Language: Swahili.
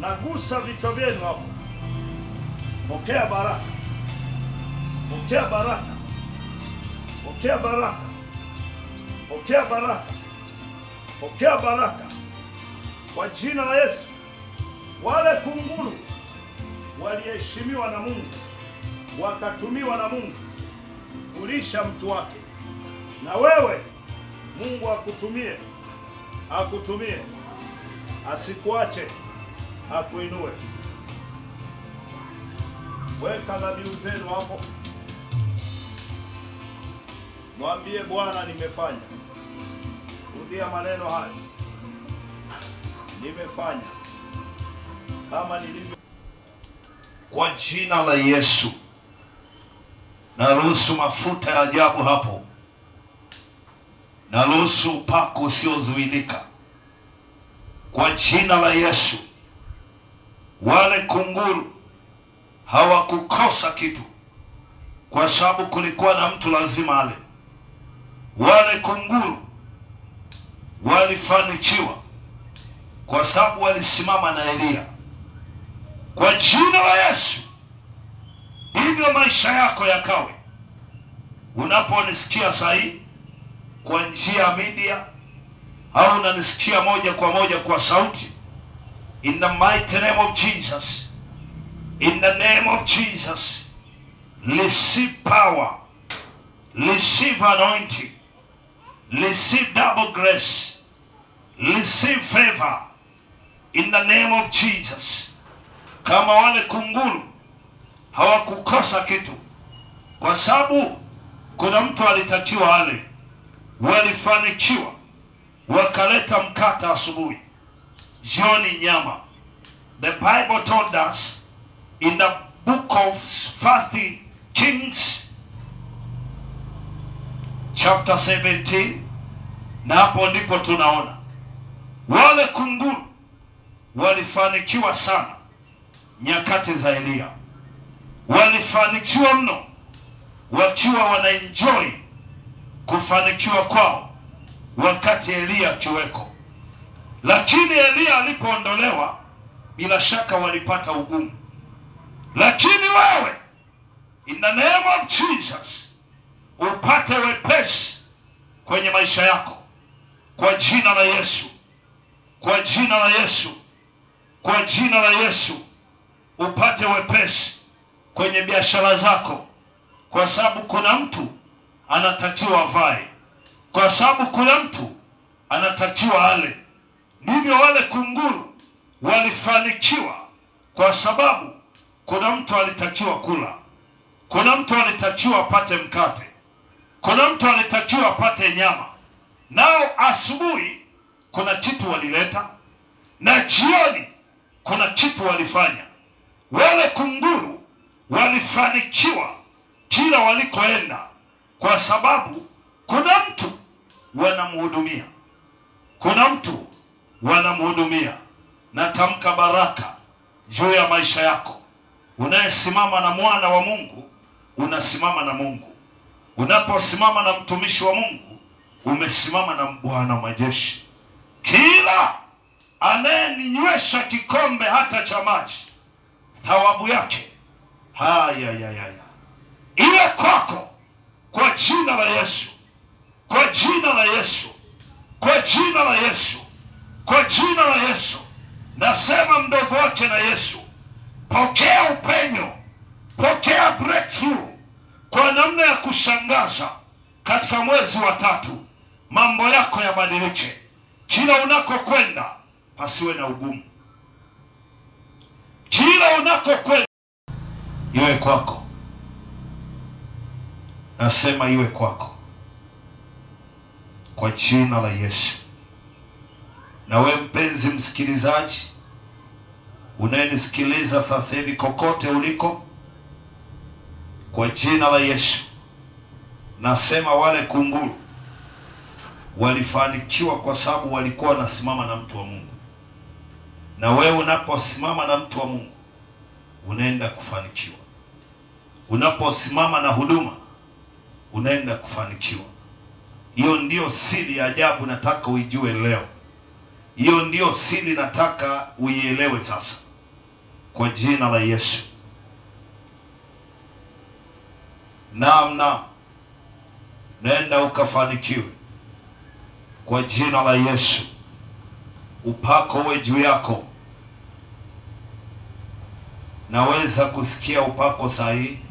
Nagusa vichwa vyenu hapo. Pokea baraka, pokea baraka, pokea baraka, pokea baraka, pokea baraka kwa jina la Yesu. Wale kunguru waliheshimiwa na Mungu, wakatumiwa na Mungu kulisha mtu wake, na wewe Mungu akutumie, akutumie, asikuache akuinue. Weka dhabihu zenu hapo, mwambie Bwana, nimefanya. Rudia maneno haya, nimefanya kama nilivyo. Kwa jina la Yesu, naruhusu mafuta ya ajabu hapo, naruhusu upako usiozuilika kwa jina la Yesu. Wale kunguru hawakukosa kitu, kwa sababu kulikuwa na mtu lazima ale. Wale kunguru walifanikiwa kwa sababu walisimama na Eliya. Kwa jina la Yesu, hivyo maisha yako yakawe. Unaponisikia saa hii kwa njia ya media au unanisikia moja kwa moja kwa sauti In the mighty name of Jesus. In the name of Jesus. Receive power. Receive anointing. Receive double grace. Receive favor. In the name of Jesus. Kama wale kunguru hawakukosa kitu, kwa sababu kuna mtu alitakiwa ale, walifanikiwa, wakaleta mkata asubuhi John Nyama. The Bible told us in the book of First Kings chapter 17, na hapo ndipo tunaona wale kunguru walifanikiwa sana nyakati za Eliya, walifanikiwa mno wakiwa wanaenjoy kufanikiwa kwao wakati Eliya akiweko. Lakini Eliya alipoondolewa, bila shaka walipata ugumu, lakini wewe in the name of Jesus upate wepesi kwenye maisha yako kwa jina la Yesu, kwa jina la Yesu, kwa jina la Yesu upate wepesi kwenye biashara zako, kwa sababu kuna mtu anatakiwa avae, kwa sababu kuna mtu anatakiwa ale Ndivyo wale kunguru walifanikiwa, kwa sababu kuna mtu alitakiwa kula, kuna mtu alitakiwa apate mkate, kuna mtu alitakiwa apate nyama. Nao asubuhi kuna kitu walileta, na jioni kuna kitu walifanya. Wale kunguru walifanikiwa kila walikoenda, kwa sababu kuna mtu wanamhudumia, kuna mtu wanamhudumia. Natamka baraka juu ya maisha yako. Unayesimama na mwana wa Mungu, unasimama na Mungu. Unaposimama na mtumishi wa Mungu, umesimama na Bwana majeshi. Kila anayeninywesha kikombe hata cha maji, thawabu yake haya ya iwe kwako, kwa jina la Yesu, kwa jina la Yesu, kwa jina la Yesu. wake na Yesu. Pokea upenyo, pokea breakthrough kwa namna ya kushangaza katika mwezi wa tatu. Mambo yako yabadilike, kila unakokwenda pasiwe na ugumu, kila unakokwenda iwe kwako. Nasema iwe kwako kwa jina la Yesu. Na we mpenzi msikilizaji unayenisikiliza sasa hivi kokote uliko, kwa jina la Yesu nasema wale kunguru walifanikiwa kwa sababu walikuwa wanasimama na mtu wa Mungu. Na wewe unaposimama na mtu wa Mungu unaenda kufanikiwa, unaposimama na huduma unaenda kufanikiwa. Hiyo ndiyo siri ya ajabu nataka uijue leo. Hiyo ndiyo siri nataka uielewe sasa kwa jina la Yesu. Naam, naam, nenda ukafanikiwe kwa jina la Yesu. Upako uwe juu yako. Naweza kusikia upako sahihi.